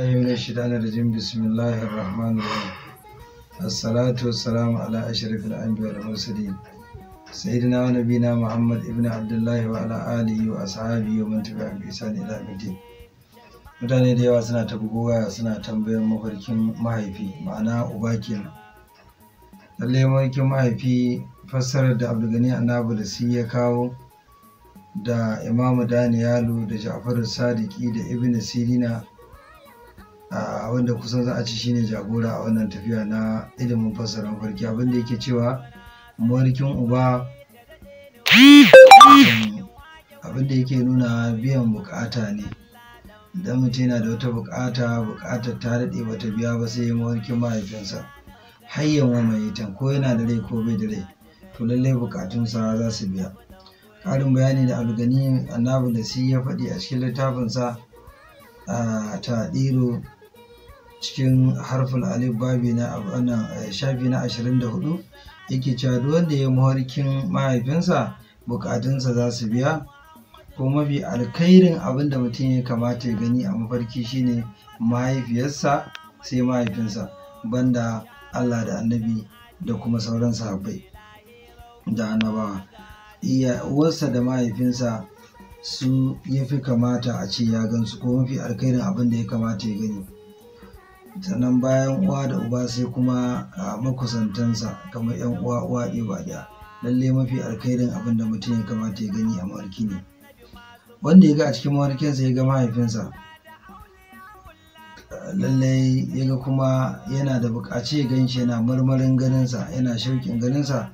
Ayyunashidanarajin bismillahir rahmanir rahim Assalatu wassalamu ala ashrafil anbiya wal mursalin Sayyidina wa nabina Muhammad ibn Abdullahi wa ala alihi wa ashabi wa man tabi'a bi ihsan ila yaumiddin Mutane da yawa suna ta bugowa suna tambayar mafarkin mahaifi ma'ana uba kenan Lalle mafarkin mahaifi fassarar da Abdul Ghani Annabi da sun ya kawo da Imam Daniyalu da Ja'faru sadiki da Ibn Sirina wanda kusan za a ci shine jagora a wannan tafiya na ilimin fassara mafarki abinda yake cewa mawarkin uba abinda yake nuna biyan bukata ne idan mutum yana da wata bukata bukatar ta daɗe bata biya ba sai mawarkin mahaifinsa hayyan wa mai ko yana da rai ko bai da rai to lallai bukatunsa za su biya ƙarin bayani da algani annabi da si ya faɗi a cikin littafinsa a taɗiro cikin harfin alif babi na wannan eh, shafi na 24 yake cewa duk wanda ya muharkin mahaifinsa bukatunsa za su biya ko mafi alkhairin abin da mutum ya kamata ya gani a mafarki shine mahaifiyarsa sai mahaifinsa banda Allah da annabi da kuma sauran sahabbai da annabawa iya uwarsa da mahaifinsa su ya fi kamata a ce ya gansu ko mafi alkhairin abin da ya kamata ya gani sannan bayan uwa da uba sai kuma makusantansa kamar yan uwa uwa ba ɗaya lalle mafi alkhairin abin da mutum ya kamata ya gani a mawarki ne wanda ya ga a cikin mawarkinsa ya ga mahaifinsa lallai ya ga kuma yana da bukaci ganshi yana marmarin ganinsa yana shauƙin ganinsa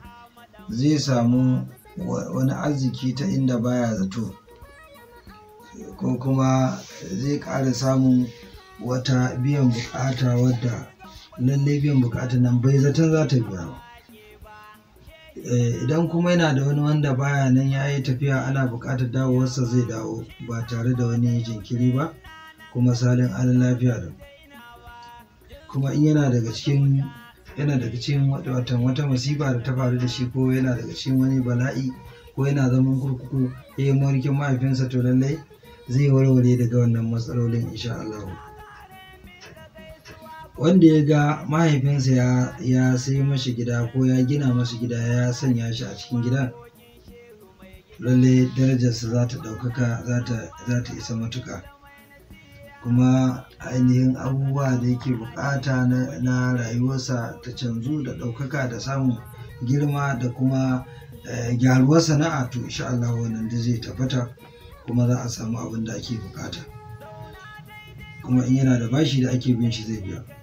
zai samu wani arziki ta inda baya zato ko kuma zai ƙara samun wata biyan bukata wadda lallai biyan bukata nan bai zaton za ta biya ba eh, idan kuma yana da wani wanda baya nan ya yi tafiya ana bukatar dawowarsa zai dawo ba tare da wani jinkiri ba kuma salin alin lafiya da kuma in yana daga cikin yana daga cikin wata wata masifa da ta faru da shi ko yana daga cikin wani bala'i ko yana zaman kurkuku ya eh, yi mawarkin mahaifinsa to lallai zai warware daga wannan matsalolin insha Allah. wanda ya ga mahaifinsa ya, ya sai mashi gida ko ya gina masa gida ya sanya shi a cikin gidan lalle darajarsa za ta ɗaukaka za ta isa matuka kuma ainihin abubuwa da yake bukata na, na rayuwarsa ta canzu da ɗaukaka da samun girma da kuma eh, gyaruwar sana'a to insha Allah wannan da zai tabbata kuma za a samu abin da ake bukata kuma in yana da bashi da ake bin shi zai biya